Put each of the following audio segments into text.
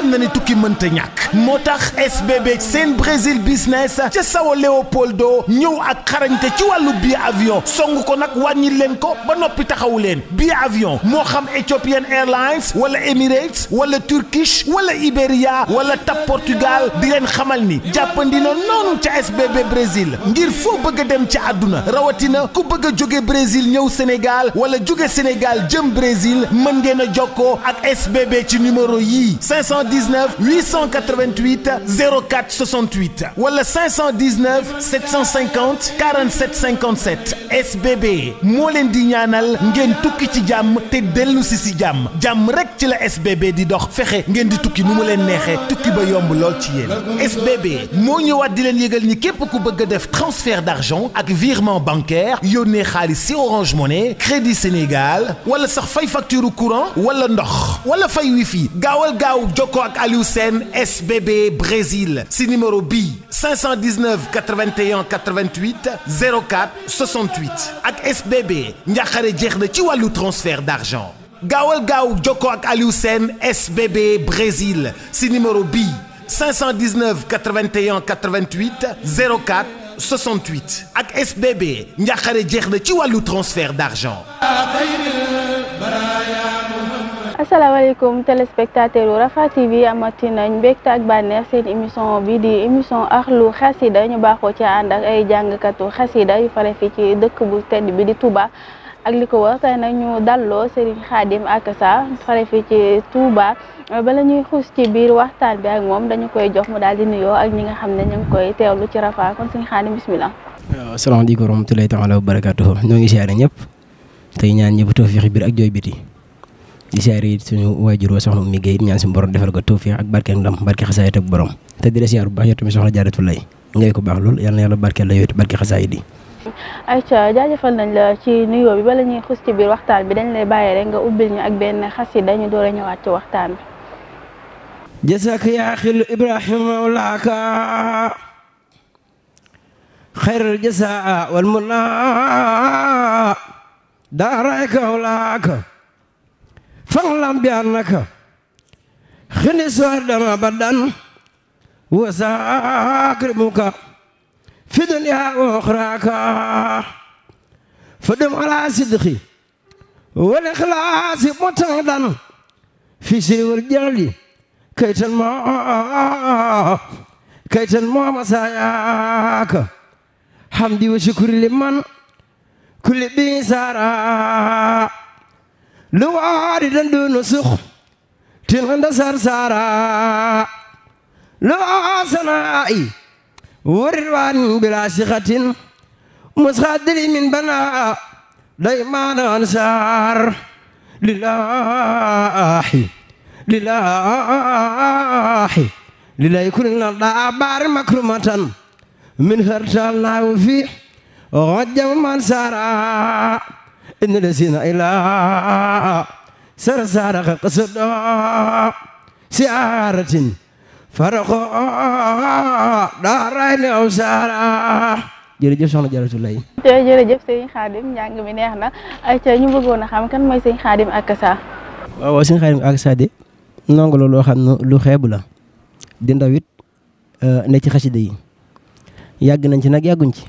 xam na ni tukki mënta ñàkk moo tax SBB seen Brésil business ca São Leopoldo ñëw ak xarañte ci wàllu bii avion song ko nag wàññi leen ko ba noppi taxawu leen bii avion moo xam Ethiopian Airlines wala Emirates wala Turkish wala Iberia wala TAP Portugal di leen xamal ni jàppandi na noonu ca SBB Brésil ngir foo bëgg dem ci àdduna rawatina ku bëgg a jóge Brésil ñëw Sénégal wala jóge Sénégal jëm Brésil mën ngeen a jokkoo ak SBB ci numéro yii 500 519 888 04 68 wala 519 750 47 57 SBB moo leen di ñaanal ngeen tukki ci jàmm te dellu si si jàmm jàmm rek ci la SBB di dox fexe ngeen di tukki nu mu leen neexee tukki ba yomb lool ci yéen SBB moo ñëwaat di leen yëgal ni képp ku bëgg a def transfert d'argent ak virement bancaire yónnee xaalis si Orange Money Crédit Sénégal wala sax fay facture courant wala ndox wala fay wifi gaawal gaaw jokkoo ko ak Aliou Sène SBB Brésil si numéro bi 519 81 88 04 68 ak SBB njàqare jeex na ci wàllu transfert d'argent gaawal gaaw jokkoo ak Aliou Sène SBB Brésil si numéro bii 519 81 88 04 68 ak SBB njàqare jeex na ci wàllu transfert d'argent asalaamaaleykum téléspectateur u Rafah TV amati nañ mbégte ak bànneex seen émission bi di émission axlu xasida ñu baaxoo ci ànd ak ay jàngkatu xasida yu fare fi ci dëkk bu tedd bi di Touba ak li ko war tey nag ñu dalloo Serigne Khadim Akasa fare fi ci Touba bala ñuy xuus ci biir waxtaan bi ak moom dañu koy jox mu daal di nuyoo ak ñi nga xam ne ñu ngi koy teewlu ci Rafah kon Serigne Khadim bismillah waaw asalaamaaleykum wa rahmatulahi taala wa barakatuhu ñoo ngi siyaare ñëpp tey ñaan ñëpp tawfiix ak jooy di siyaare it suñu waajur wa soxna Oumy Guèye it ñaan si borom defal ko tawfiix ak barke ak ndam barke xasaayit ak borom te di la siyaar bu baax yow tamit soxna jaaratu lay ngay ko baax lool yal na yàlla barkeel la yow it barke xasaayit yi Aïcha jaajëfal nañ la ci nuyoo bi bala ñuy xus ci biir waxtaan bi dañ lay bàyyi rek nga ubbil ñu ak benn xasida ñu door a ñëwaat ci waxtaan bi جزاك يا أخي إبراهيم مولاك خير الجزاء والمنى دارك مولاك فاغلب بأنك خنس وردم أبدا وسأكرمك في دنيا وأخراك فدم على صدقي والإخلاص متعدا في سر والجلد كي تنمو كي تنمو مساياك حمدي وشكر لمن كل بيسارا lu waari dan dunu sux tilanda sarsara lu asanai warirwan bila sixatin musxadiri min bana day maanan sar lilahi lilahi lilay kulina dabar makrumatan min hartallahu fi rajam man إن الذين إلى سر سارق قصد سيارة فرقوا دارين jërëjëf soxna Jaratu Lay jërëjëf sëñ Xaadim njàng mi neex na ayca ñu bëggoon xam kan mooy sëñ Xaadim Akasa. waaw waaw sëñ Xaadim Akasa de nangu la loo xam ne lu xeebu la di ndaw it ne yi yàgg nañ ci nag yàgguñ ci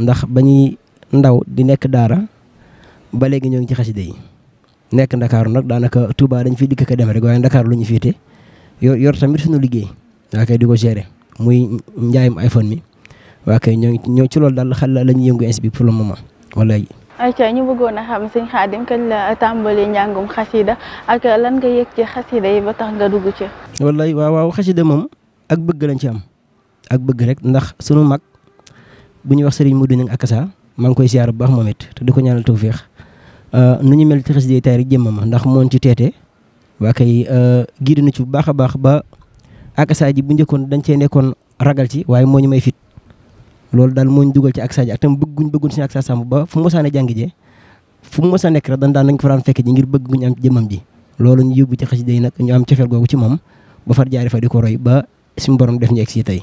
ndax ba ñuy ndaw di nekk daara ba léegi ñoo ngi ci xasida yi nekk ndakaaru nag daanaka Touba dañ fi dikk ko dem rek waaye ndakaaru lu ñu fiite yor yor tamit suñu liggéey waa di ko gérer muy njaayum iPhone mi waa kay ñoo ñoo ci loolu daal xel ñu yëngu ins bi pour le moment wallaay. a waaw xasida moom ak bëgg lañ ci am ak bëgg rek ndax sunu mag bu ñu wax Serigne mu Niang ak Akassa maa ngi koy siyaar bu baax moom it te di ko ñaanal tawféex Euh, nu ñu mel ci xasida yi tey rek jëmm ma ndax moon ci teete waa kay euh, giir na ci bu baax a baax ba ak saa ji bu njëkkoon dañ cee nekkoon ragal ci waaye moo ñu may fit loolu daal moo ñu dugal ci ak atam ji ak tam bëgguñ bëgguñ suñu ak saa sàmm ba fu mu mosaane jàngi jee fu mu mosa nekk rek dañ daan nañ ko fa daan fekk ji ngir bëgg guñ am jëmmam ji loolu ñu yóbbu ci xasida yi nag ñu am cofeel googu ci moom ba far jaari fa di ko roy ba suñu borom def ñu egg tey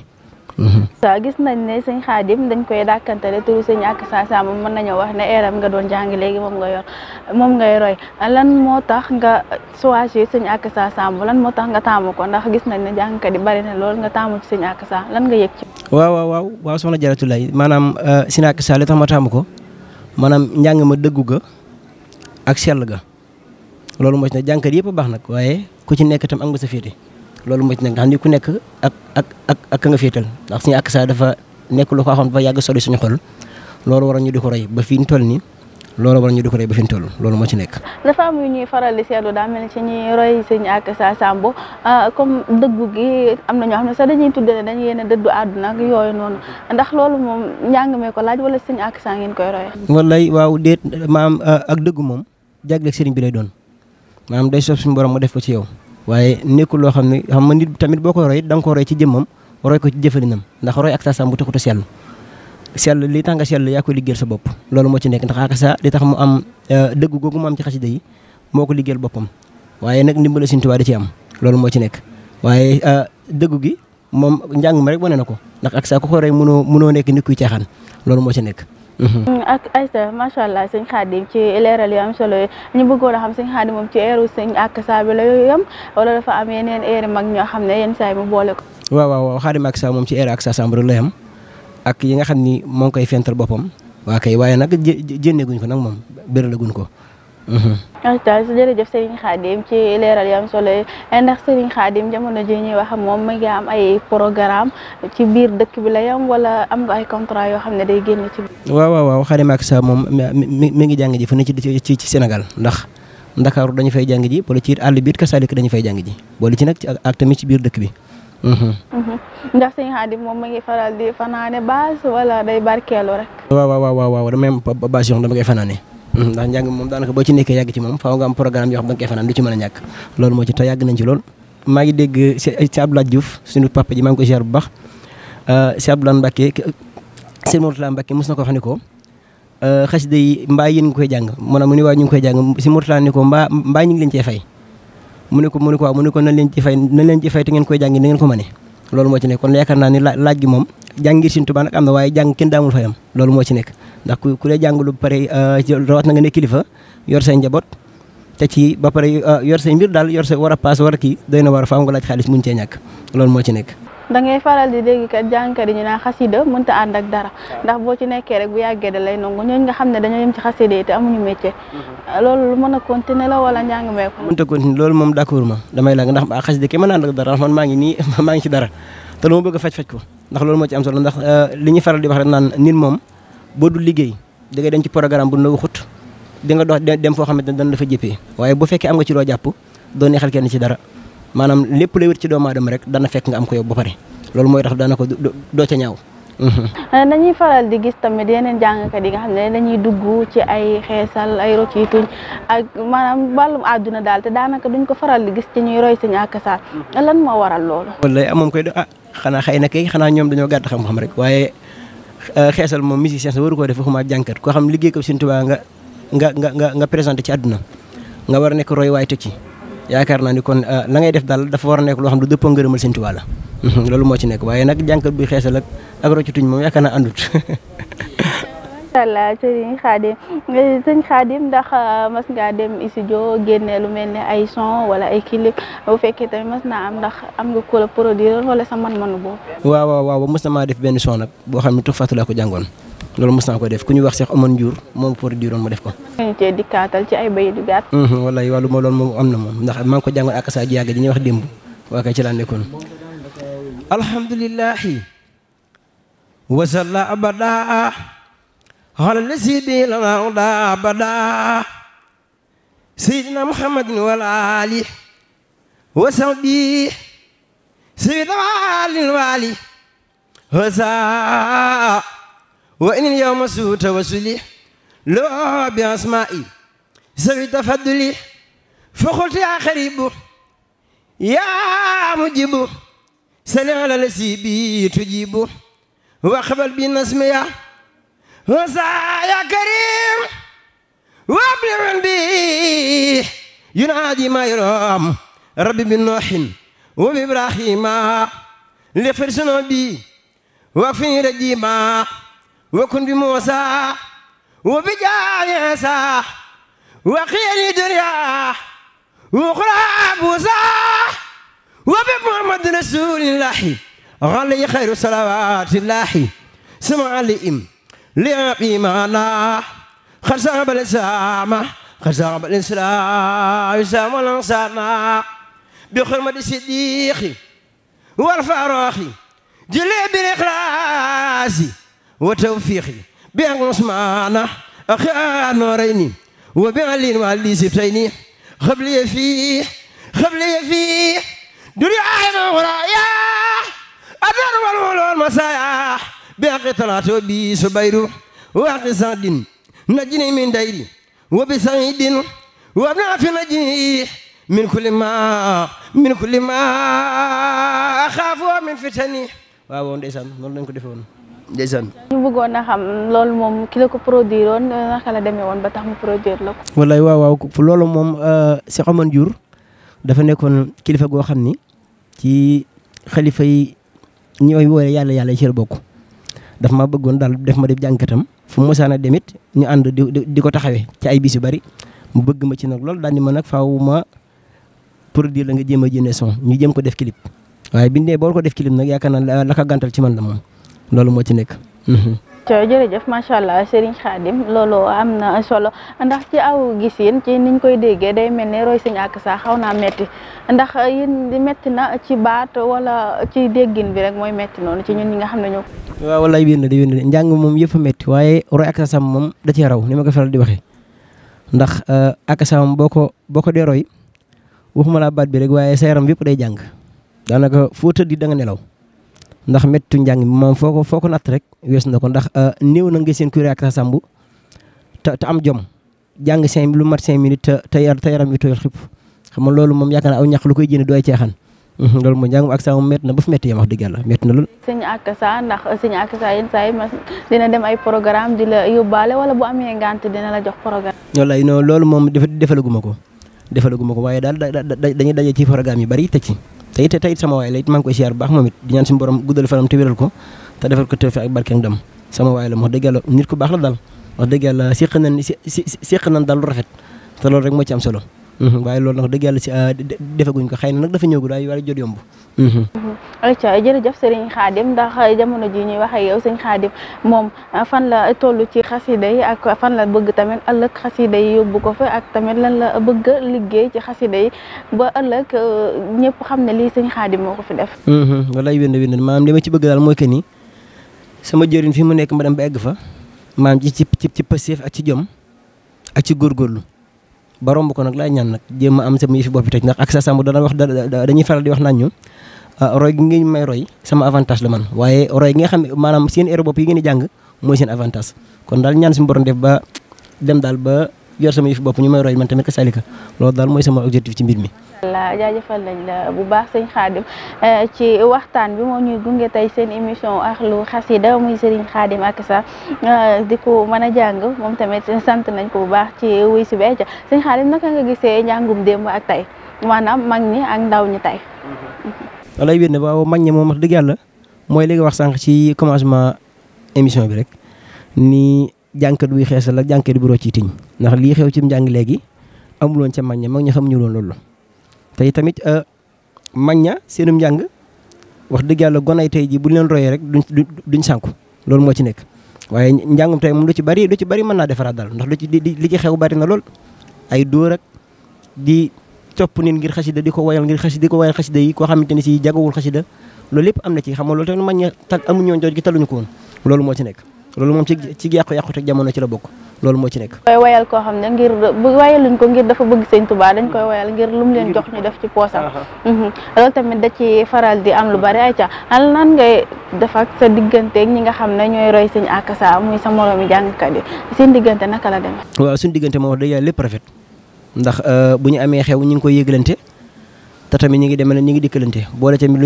waaw gis nañ ne sëñ Xaadim dañ koy dàkkantale turu sëñ ak saa saa moom mën nañoo wax ne eeram nga doon jàng léegi moom nga yor moom nga roy lan moo tax nga choisir sëñ ak saa saa lan moo tax nga taamu ko ndax gis nañ ne jàngkat yi bari na lool nga taamu ci sëñ ak saa lan nga yëg ci. waaw waaw waaw waaw soxna Jaratu Lay maanaam euh, sëñ ak saa tax ma taamu ko maanaam njàng ma dëggu ga ak sell ga loolu mooy ne jàngkat yëpp baax nag waaye ku ci nekk tam sa féete. loolu moo ci nekk ndax ku nekk ak ak ak nga féetal ndax suñu ak saa dafa nekk lu ko waxoon dafa yàgg sori suñu xol loolu waroon ñu di ko roy ba fi ñu toll nii loolu waroon ñu di ko roy ba fi ñu toll loolu moo ci nekk. dafa am yu ñuy faral di seetlu daa mel ni ci ñuy ak saa Samb ah, comme dëggu am na xam ne sax dañuy tuddee ne dañuy yéene dëddu àdduna ak noonu ndax loolu moom njàng mee ko laaj wala suñu ak saa ngeen koy roy. wallaay waaw déet maam ah, ak dëgg moom jagleeg sëriñ bi lay doon maanaam day sof suñu borom mu def ko ci yow waaye nekkul loo xam ne xam nga tamit boo ko roy da nga ko roy ci jëmmam roy ko ci jëfalinam ndax roy ak tasaam bu taxut a sell sell li tax nga sell yaa ko liggéeyal sa bopp loolu moo ci nekk ndax ak sa li tax mu am euh, dëgg googu mu am ci xasida yi moo ko liggéeyal boppam waaye nag ndimbala Sëriñ Tuubaa da ci am loolu moo ci nekk waaye euh, dëggu gi moom njàng ma rek wane na ko ndax ak saa ku ko roy mënoo mënoo nekk ni kuy caaxaan loolu moo ci nekk Mm-hmm. Mm, ak Aïssa macha allah sëñ Xaadim ci leeral yu am solo ñu bëggoon a xam sëñ Xaadim moom ci eeru sëñ ak saa bi la yam wala dafa am yeneen eeri mag ñoo xam ne yenn saa mu boole ko. waaw waaw waaw Xaadim ak saa moom ci eeru ak saa sàmb la yam ak yi nga xam ni moo ngi koy fental boppam. waa kay waaye nag jé jénneeguñ ko nag moom béralaguñ ko. oustaz mm-hmm. jërëjëf Serigne Khadim ci leeral yam solo eh, ndax Serigne Khadim jamono ji ñuy wax moom ma ngi am ay programme ci biir dëkk bi la yam wala am nga ay contrat yoo xam ne day génn ci biir. waaw sa moom mi mi ngi jàng ji fu ne ci ci ci Sénégal ndax Ndakaaru dañu fay jàng ji wala ci àll biir Kasalik dañu fay jàng ji boole ci nag ak ci biir dëkk bi. Mm-hmm. Mm-hmm. ndax Serigne Khadim moom ma ngi faral di fanaane base wala day barkeelu rek. waaw waaw waaw waaw damay base yoo dama koy fanaane. Mm, ndax njàng moom daanaka boo ci nekkee yàgg ci moom faaw nga am programme yoo xam da nga koy fanaan du ci mën a ñàkk loolu moo ci maa ngi ko bu baax euh, si Abdoulaye Mbacke sëñ Mourtala Mbacke mos na ko wax ne ko euh, xasida yi mbaa yéen ngi koy jàng maanaam ñu ngi koy jàng si Mourtala ko mbaa mbaa ñu ngi leen cee fay ko mu ne ne ko nañ koy jàng na ko mëne moo ci nekk kon yaakaar naa ni laaj gi moom jàng ngir Sëñ Tuubaa nag am na waaye jàng kenn daamul fayam loolu moo ci nekk ndax ku ku lay jàngalu ba pare euh, rawat na nga ne kilifa yor say njaboot te ci ba pare euh, yor say mbir daal yor say war a paas war a kii doy na war a faaw nga laaj xaalis muñ cee ñàkk loolu moo ci nekk. da ngay faral di dégg kat jàngkat yi ñu naan xasida mënta ànd ak dara ndax boo ci nekkee rek bu yàggee da lay nangu ñooñu nga xam ne da yem ci xasida yi te amuñu métier mhm. loolu lu mën a continuer la wala njàng mee ko mënta continuer loolu moom d'accord ma damay laaj ndax xasida ki mën a ànd dara man maa ngi nii maa ngi ci dara te lu ma bëgg a faj faj ko ndax loolu moo ci euh, li ñu faral di wax rek naan nit boo du liggéey da ngay dem ci programme bu na waxut di nga dox dem foo xamante ne dañ la fa jëppee waaye bu fekkee am nga ci loo jàpp doo neexal kenn ci dara maanaam lépp lay wër ci doomu aadama rek dana fekk nga am ko yow ba pare loolu mooy tax daanaka doo ca ñaaw. Mhm. Euh, dañuy faral di gis tamit yeneen jàngkat yi nga xam ne dañuy dugg ci ay xeesal ay rocituñ ak maanaam wàllum àdduna daal te daanaka duñ ko faral di gis ci ñuy roy Sëñ Akka Sarr lan moo waral loolu. wallaay amoon koy de ah xanaa xëy na kay xanaa ñoom dañoo gàtt xam-xam rek waaye Euh, xeesal moom musicien sa waru koo def waxuma jànkat koo xam liggéey ko Sëriñ Tuubaa nga nga nga nga nga présenté ci àdduna nga war a nekk roy waay te ci yaakaar naa ni kon euh, la ngay def daal dafa war a nekk loo xam ne du dëppoo ngërëmal Sëriñ Tuubaa la loolu moo ci nekk waaye nag jànkat buy xeesal ak ak rocc tuñ moom yaakaar naa àndut allah sëñ Xaadim sëñ Xaadim ndax ah, mas ngaa dem studio génne lu mel ni ay son wala ay clip bu fekkee tamit mas na am ndax am nga ko la produire wala sa man-manu boobu. waaw waaw waaw mos na maa def benn son nag boo xam ne tux fàttu laa ko jàngoon loolu mos naa ko def ku ñuy wax Cheikh Omar Ndiour moom produire woon ma def ko. ñu cee dikkaatal ci ay bay du gàtt. Mhm, wallaay wàllu ma loolu am na moom ndax maa ko jàngoon ak saa ji yàgg di ñuy wax démb waa kay ci laa nekkoon. alhamdulilah. wasala abada. xoolal la si biir laaw daa ba daa Seydina Muhammadin wala Ali wasaw bi Seydina Alin waali wasa wa inil yawma suuta wasuli loo bi asmaai sawi tafadduli فقلت يا غريب يا مجيب سل على الذي بي تجيب واقبل بالنسم يا موسى يا كريم وابلغ بي ينادي ما يرام ربي بنوح وبإبراهيم لغفر ذنوبي وفي رجيما وكن بموسى وبجاه عيسى وقيل دريا وقرا بوسى وبمحمد رسول الله غلي خير صلوات الله سمع عليهم لعب إيمانا خرسان بالإسلام خرسان بالإسلام يسام الأنصارنا بحرمة الصديق والفاروق جلي بالإخلاص وتوفيق بأن عثمان أخي نورين وبعلين وعلي سبتين خبلي فيه خبلي فيه دنيا عين ورايا أدر والولو المسايا بحق bi بي سبير وحق سعد نجني من ديري وبسعيد وابن عفي نجني من كل ما من كل ما أخاف ومن فتني waaw ndeysaan noonu lañ ko defee woon ndeysaan ñu bëggoon a xam loolu moom ki la ko produire woon naka la demee woon ba tax mu produire la ko waaw waaw loolu moom euh, Cheikh Omar Diour dafa nekkoon kilifa goo xam ni ci xalifa yi ñooy woore yàlla yàlla ci la bokk daf ma bëggoon daal def ma def jànkatam fu mu mosaan demit dem it ñu ànd di di ko taxawee ci ay bis yu bari mu bëgg ma ci nag lool daal di ma nag faaw ma di la nga jéem a jëndee son ñu jéem ko def clip waaye bi ñu nee boo ko def clip nag yaakaar naa la ko gàntal ci man la moom loolu moo ci nekk. Mhm. jërëjëf macha allah Serigne Khadim loolu am na solo ndax ci aw gisin ci niñ koy déggee day mel ne roy sëñ ak saa xaw naa metti ndax yéen metti na ci baat wala ci déggin bi rek mooy metti noonu ci ñun ñi nga xam ne ñoo. waaw walaay wér na di wér na njàng moom yëpp a metti waaye roy ak saa moom da cee raw ni ma ko faral di waxee ndax eh, ak saa moom boo ko boo ko dee roy waxuma laa baat bi rek waaye sa yaram yëpp day jàng daanaka foo tëdd da nga nelaw. ndax méttu njàng mi maam foo ko foo natt rek wees na ko ndax euh, néew na nga seen kuréel ak tasambu te te am jom jàng cinq lu mat cinq minutes te yar te yaram wi tooy xib xam nga loolu moom yaakaar naa aw ñax lu koy jënd dooy ceexan loolu moom njàngum ak saa moom métti na ba fu métti yam wax dëgg yàlla métti na lool. sëñ Akassa ndax sëñ Akassa yenn saa yi ma dem ay programme di la wala bu amee ngant dina la jox programme. wallaay non loolu moom defalaguma ko defalaguma ko waaye daal dañuy daje ci programme yu bari te ci. te it tey it sama waay la it maa ngi koy siyaar bu baax moom it di ñaan suñu borom guddal fanam te wéral ko te defal ko tawfiq ak barkeem dem sama waay la moo dëgg yàlla nit ku baax la daal wax dëgg yàlla séq nañ séq nañ daal lu rafet ta loolu rek moo ci am solo Mhm. waaye loolu nag dëgg yàlla si ah, defeguñ ko xay na nag dafa ñëw gu daay war a jot yomb mhm. mhm. a jërëjëf sëriñ Xaadim ndax jamono ji ñuy wax ak yow sëriñ Xaadim moom a ah, fan la toll ci xasida yi ak fan la bëgg tamit ëllëg xasida yi yóbbu ko fa ak tamit lan la bëgg liggéey ci xasida yi ba ëllëg euh, ñëpp xam ne lii sëriñ Xaadim moo ko fi def walaay wénd wénd maanaam li ma ci bëgg daal mooy que ni sama jëriñ fi mu nekk ma dem ba egg fa maanaam ci ci ci passif ak ci jom ak ci góorgóorlu ba romb ko nag laay ñaan nag jéem a am sama yëfi bopp teg ndax ak sa sàmm dana dañuy faral di wax naan ñu ah, roy gi may roy sama avantage la man waaye roy gi nga xam maanaam seen erreur bopp yi ngeen jàng mooy seen avantage kon daal ñaan suñu borom def ba dem daal ba yor sama yëf bopp ñu may roy man tamit kasalika loolu daal mooy sama objectif ci mbir mi la jaajëfal nañ la bu baax sëñ Xaadim euh, ci waxtaan bi moo ñuy gunge tey seen émission Ahlu Xasida muy sëriñ Xaadim ak sa euh, di ko mën a jàng moom tamit sant nañ ko bu baax ci wuy si beeca sëñ Xaadim naka nga gisee njàngum démb ak tey maanaam mag ñi ak ndaw ñi tey mm-hmm. walay wér ne waaw mag ñi moom wax dëgg yàlla mooy léegi wax sànq ci commencement émission bi rek jànkat buy xeesal ak jànkat bu rocci tiñ ndax lii xew ci njàng léegi amuloon ca mag ña mag ña xamuñu loon loolu tey tamit euh, mag ña seenum njàng wax dëgg yàlla gonay tey ji bu leen royee rek du duñ sànku loolu moo ci nekk waaye njàngum tey moom lu ci bari lu ci bari mën naa defaraat daal ndax lu ci li ci xew bari na lool ay dóor rek di topp nit ngir xasida di ko wayal ngir xasida di ko wayal xasida yi koo xamante ne si jagawul xasida loolu lépp am na ci xam nga loolu tamit mag ña tal amuñu gi taluñu ko loolu moo ci nekk loolu moom ci ci yàqu-yàqu teg jamono ci la bokk loolu moo nekk. wayal koo xam ngir ko ngir dafa bëgg sëñ Tuubaa dañ koy wayal ngir lu mu leen jox ñu def ci poosam. Mhm. loolu tamit da ci faral di am lu bari ay ca al nan ngay def sa digganteeg ñi nga xam ne ñooy roy sëñ Akassa muy sa moroomi jàngkat yi seen diggante naka la demee. waaw suñu diggante moo wax dëgg yàlla euh, bu ñu amee xew ñu ngi koy yëgalante te tamit ñu ngi demee ñu ngi dikkalante boole tamit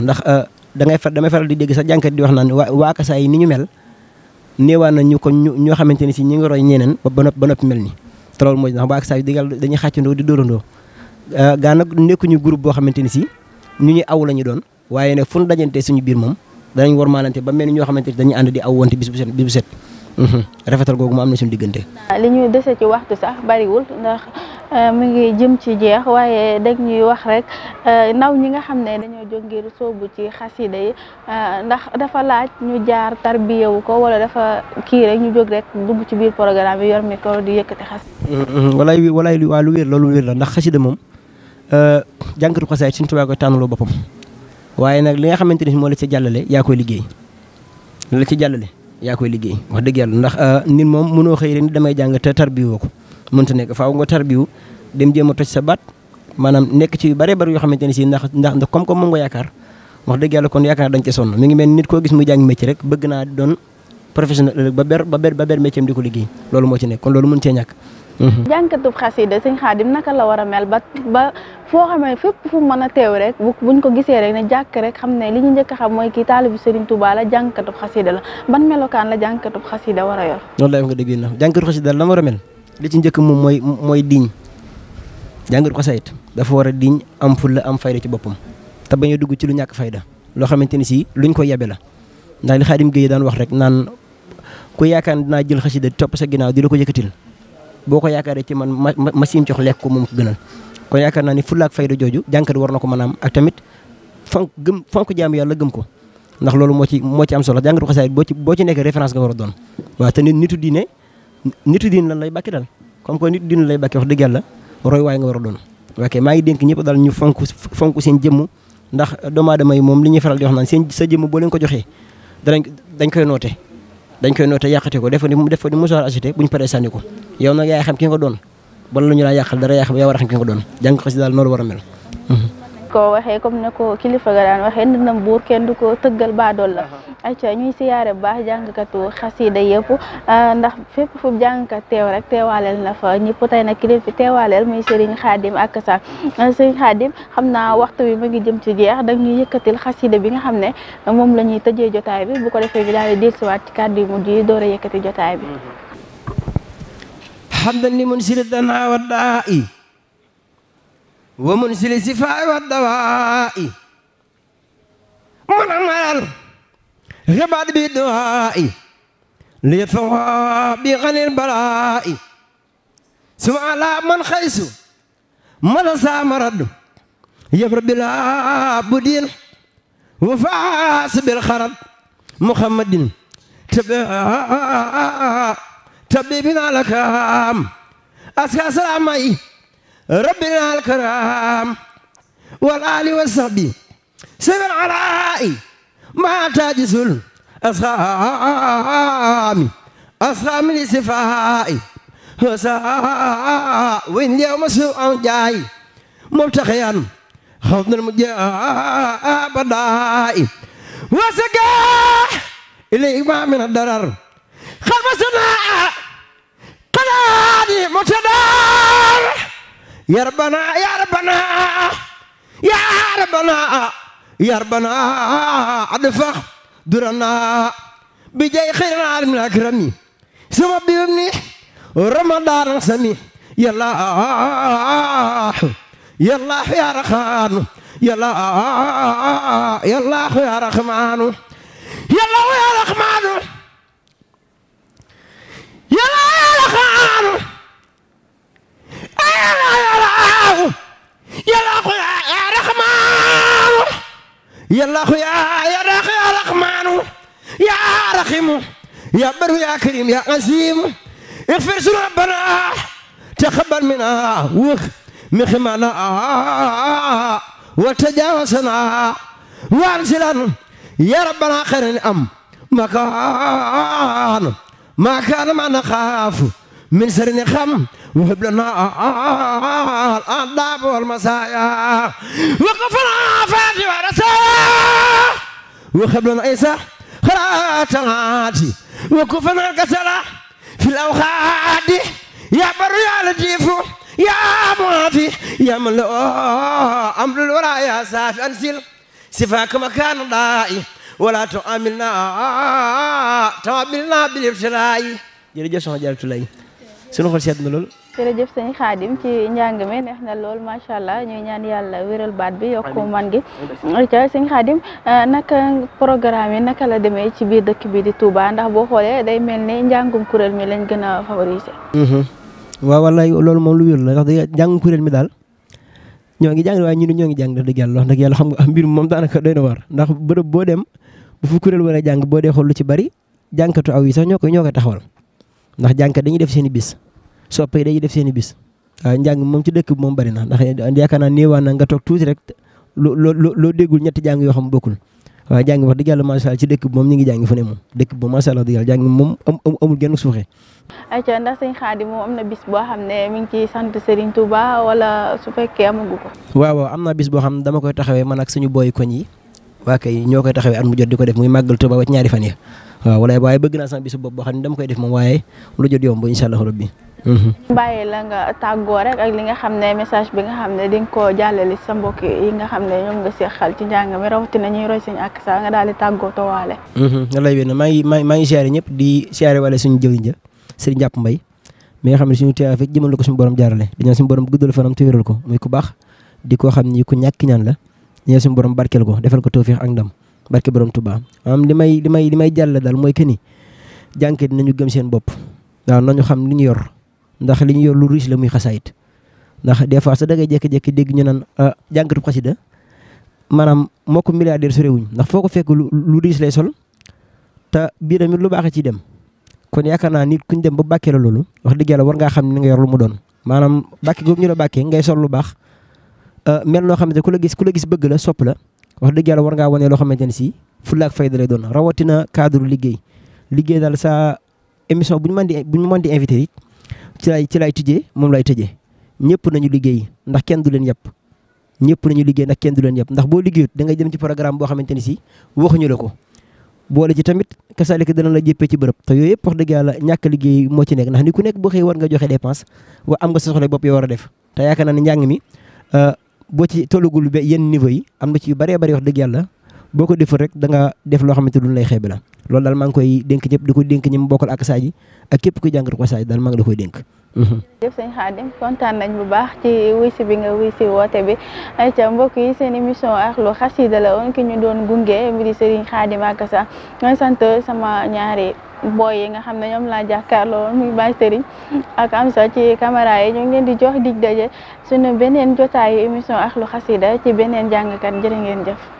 ndax euh, da ngay far damay faral di dégg sax jànkat di wax naan waa waa Kasaa yi ni ñu mel néewaa na ñu ko ñoo xamante ni si ñu ngi roy ñeneen ba noppi ba noppi mel ni te mooy ndax waa Kasaa yi digal dañuy xàccandoo di dóorandoo euh, gaa nag nekkuñu groupe boo xamante ni si ñu ñuy aw la ñu doon waaye nag fu ñu dajante suñu biir moom danañ war maalante ba mel ni ñoo xamante ni dañuy ànd di aw wante bis bu rafetal googu mu am na suñu diggante. li ñu dese ci waxtu sax bariwul ndax euh, mu ngi jëm ci jeex waaye dañ ñuy wax rek euh, naw ñi nga xam ne dañoo jóg ngir sóobu ci xasida yi euh, ndax dafa laaj ñu jaar tarbiyewu ko wala dafa kii rek ñu jóg rek dugg ci biir programme yi yor micro di yëkkati xas. Mm-hmm. walaay walaay waa lu wér loolu wér ndax xasida moom jàngatu xasaay suñu tubaab koy tànnaloo boppam waaye nag li nga xamante ni moo la ci jàllale yaa koy liggéey la ci jàllale. yaa koy liggéey wax dëgg yàlla ndax euh, nit moom mënoo xëy rek ni damay jàng te tarbiwoo ko mënta nekk faaw nga tarbiwu dem jéem a toj sa baat maanaam nekk ci yu bare yoo xamante ne si ndax ndax ndax comme comme moom nga yaakaar wax dëgg yàlla kon yaakaar dañ ci sonn mi ngi mel nit koo gis mu jàng métier rek bëgg naa doon professionnel ëllëg ba ber di ko liggéey loolu moo ci nekk kon loolu mën cee ñàkk Mm-hmm. jànkatub xasida sëñ xaadim naka la war a ba ba foo xamee fépp fu mën a teew rek bu buñ ko gisee rek ne jàkk rek xam ne li ñu njëkk a mooy kii taalibu Serigne Touba la jànkatub xasida la ban melokaan la jànkatub xasida war a yor noonu lay nga dëggee na jànkatub xasida la war li ci njëkk moom mooy mooy diñ jànkatub xasayit dafa war a diñ am la am fayda ci boppam te bañ a dugg ci lu ñàkk fayda loo xamante ni si luñ ko yebe la ndax li Xaadim Géey daan wax rek naan ku yaakaar naa jël xasida topp sa ginaaw di la ko yëkkatil boo ko yaakaaree ci man ma ma siim jox lekk ko moom ko gënal kon yaakaar naa ni fulaak fayda jooju jànkat war na ko mën a am ak tamit fonk gëm fonk jaam yàlla gëm ko ndax loolu moo ci moo ci am solo jàngatu xasaay boo ci boo ci nekkee référence nga war a doon waaw te nit nitu diine nitu diine lan lay bàkki dal comme que nitu diine lay bàkki wax dëgg yàlla roy waay nga war a doon ok maa ngi dénk ñëpp daal ñu fonk fonk seen jëmm ndax doomu aadama moom li ñuy faral di wax naan seen sa jëmm boole ko joxee danañ dañ koy nootee dañ koy noote yàqati ko def ni def ni musaar agité buñ paree sànni ko yow nag yaay xam ki nga ko doon bala lu ñu laa dara yaa xam yaa a xam ki nga ko doon jàng ko si daal a ko waxee comme ne ko kilifa ga daan waxee ndëndam buur kenn du ko tëggal baadool la ayca ñuy siyaare bu baax jàngkatu xasida yëpp euh, ndax fépp fu jàngkat teew rek teewaaleel na fa ñëpp tey nag ki leen fi teewaaleel muy Serigne Khadim ak sa euh, Serigne Khadim xam naa waxtu bi mu ngi jëm ci jeex dag ñu yëkkatil xasida bi nga xam ne moom la ñuy tëjee jotaay bi bu ko defee bi daal di ci kàddu yu mujj yi door a yëkkati jotaay bi hamdan li munsili danaa wa daa'i wa munsili sifaa ربعد بدعائي ليدفع بغن البلاء سمع لا من خيس ماذا سامرد يبر بلا بدين وفاس بالخرب محمد تبيبنا لكام أسكى سلامي ربنا الكرام والآل والصحب سبع علائي ما تاجس الأسهام أسهام لصفائي هساء وين يوم سوء جاي ملتقيا حضن المجاء بدائي وسقى إليك ما من الضرر خلصنا قلالي متدار يا ربنا يا ربنا يا ربنا يا ربنا أدفع درنا بجاي خير العالم الأكرم سما بيبني رمضان سمي يلا يلا يا رخان يلا يلا يا رحمن يلا يا رحمن يلا يا رخان يلا يا رخان يلا يا yallaahu yaa ya daaxu yaa raxmaanu yaa raximu yaa baru yaa karim yaa azimu اغفر ذنوبنا تقبل منا وخمنا وتجاوزنا وانزلنا يا ربنا خير الام مكان ما كان ما نخاف من سر خم وهب لنا الآداب والمسايا وقفنا فاتي ورسايا وهب لنا عيسى خراتاتي وقفنا الكسلة في الأوخاد يا بر يا لطيف يا معافي يا من أمر الورى يا سافي أنزل سفاك مكان دائي ولا تعاملنا تعاملنا بالابتلاء jërëjëf soxna Jaaratullaay sunu xol seet na lool jërëjëf sëñ Xaadim ci njàng mi neex na lool macha allah ñuy ñaan yàlla wéral baat bi yokku man gi ca sëñ Xaadim euh, naka programme demee ci biir dëkk bi di Touba ndax boo xoolee day mel ne njàngum kuréel mi lañ gën mhm. loolu moom lu wér la ndax kuréel mi daal ñoo ngi jàng waa ñu ne ñoo ngi jàng daf dëgg yàlla wax dëgg yàlla xam nga mbir moom daanaka doy na war ndax bërëb boo dem bu fu kuréel war a jàng boo dee xool lu ci bari jànkatu aw yi sax ñoo koy ñoo koy taxawal ndax jànkat dañuy def seen i bis soppe yi dañuy def seen i bis waaw njàng moom ci dëkk bi moom bari na ndax yaakaar naa néewaan na nga toog tuuti rek loo loo loo déggul ñetti jàng yoo xam bokkul waaw jàng wax dëgg yàlla ci dëkk bi moom ñu ngi jàng fu moom dëkk bi moom macha allah moom amul genn suuxee. ayca ndax sëñ Xaadim moom am na bis boo xam ne mi wala su fekkee amagu ko. boo xam ne dama koy taxawee man ak suñu booy koñ yi waa kay ñoo koy taxawee at mu jot di ko def muy màggal Touba ba ci ñaari fan ya waaw wala bëgg naa sama bisu bopp boo xam ne dama koy def moom waaye lu jot yomb incha allah rabbi Mm-hmm. bàyyi la nga tàggoo rek ak li nga xam ne message bi nga xam ne di nga koo jàllale sa mbokk yi nga xam ne ñoom nga seexal ci njàng mi rawatina ñuy roy sëñ ak sa daal di tàggoo toowaale. Mm-hmm. lay wéy na maa ngi maa ngi siyaare ñëpp di siyaare wala suñu jëwriñ ja sëriñ Njàpp Mbay mi nga xam ne suñu teewaay fekk jëmal ko suñu borom jaarale dañoo suñu borom guddal fanam te wéral ko muy ku baax di ko xam ni ku ñàkk ñaan la ñoo suñu borom barkeel ko defal ko tawfiix ak dam barke borom Tuubaa maanaam li may li may di may jàll daal mooy que ni jànke dinañu gëm seen bopp waaw nañu xam li ñu yor ndax li ñu yor lu riche la muy xasaayit ndax des fois sa dangay jékki-jékki dégg ñu naan ah, jànkatu xasida maanaam moo ko milliardaire su réewuñ ndax foo ko fekk lu riche lay sol te biir amit lu baax a ci dem. kon yaakaar naa nit ku ñu dem ba bàkkee la loolu wax dëgg war ngaa xam ni nga yor lu mu doon maanaam bàkke googu ñu la bàkkee ngay sol lu baax ah, mel noo xamante ku la gis ku la gis bëgg la sopp la wax dëgg war ngaa wane loo xamante ne si fulla ak fayda lay doon rawatina cadre liggéey liggéey daal sa émission bu ñu mën di bu ñu mën di invité ci lay ci lay tijjee moom lay tëjee ñëpp nañu liggéey ndax kenn du leen yàpp ñëpp nañu liggéey ndax kenn du leen yàpp ndax boo liggéeyut da ngay dem ci programme boo xamante ni si waxuñu la ko. boo boole ci tamit kasaalika dana la jëppee ci bërëb te yooyu yëpp wax dëgg yàlla ñàkk liggéey moo ci nekk ndax ni ku nekk boo xëy war nga joxe dépense wa am nga sa soxla bopp yoo war a def te yaakaar naa ne njàng mi euh, boo ci tollagul ba yenn niveau yi am na ci yu bëree bëri wax dëgg yàlla boo ko deful rek danga def loo xam xamante duñ lay xeebe la lool daal maa ngi koy dénk ñëpp di ko dénk ñi mu bokkal ak Sadji ak képp kuy ko Sadji daal maa ngi koy dénk jëf mhm. sëñ kontaan nañ bu baax ci wuy si bi nga wuy si woote bi ayca mbokk yi seen émission Ahlou Khassida la woon ki ñu doon gunge mbiri sëriñ Xaadim ak sa ñooy sant sama ñaari boy yi nga xam ne ñoom laa jàkkaarloo woon muy Baye Serigne ak ci caméra yi ñu ngi leen di jox dig daje suñu beneen jotaayu émission Ahlou Khassida ci beneen jàngkat jërë ngeen jëf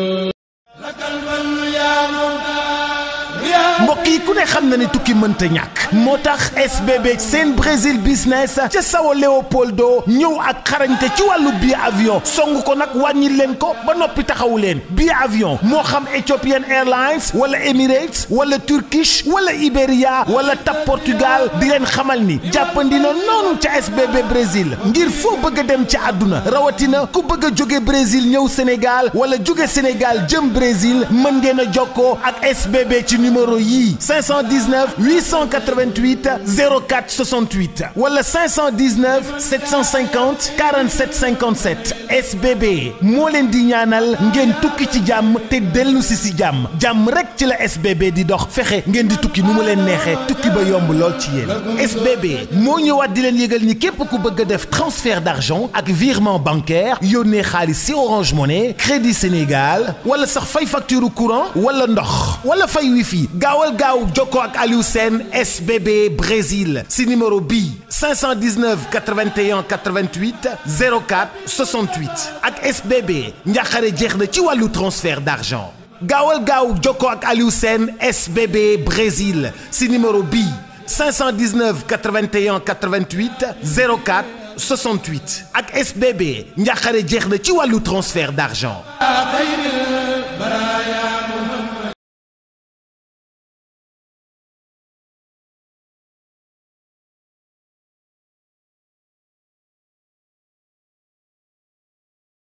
ne xam na ni tukki mënta ñàkk moo tax SBB seen Brésil business ca São Leopoldo ñëw ak xarañte ci wàllu billet avion song ko nag wàññi leen ko ba noppi taxawu leen billet avion moo xam Ethiopian Airlines wala Emirates wala Turkish wala Iberia wala TAP Portugal di leen xamal ni jàppandi na noonu ca SBB Brésil ngir foo bëgg dem ci àdduna rawatina ku bëgg a jóge Brésil ñëw Sénégal wala jóge Sénégal jëm Brésil mën ngeen a jokkoo ak SBB ci numéro yii 519 888 04 68 wala 519 750 47 57 SBB moo leen di ñaanal ngeen tukki ci jàmm te dellu si si jàmm jàmm rek ci la SBB di dox fexe ngeen di tukki nu mu leen neexee tukki ba yomb lool ci yéen SBB moo ñëwaat di leen yëgal ni képp ku bëgg a def transfert d'argent ak virement bancaire yónnee xaalis si Orange Money Crédit Sénégal wala sax fay facture courant wala ndox wala fay wifi gaawal gaaw jokkoo ak Aliou Sène SBB Brésil si numéro bii 519 81 88 04 68 ak SBB njàqare jeex na ci wàllu transfert d'argent gaawal gaaw jokkoo ak Aliou Sène SBB Brésil si numéro bii 519 81 88 04 68 ak SBB njàqare jeex na ci wàllu transfert d'argent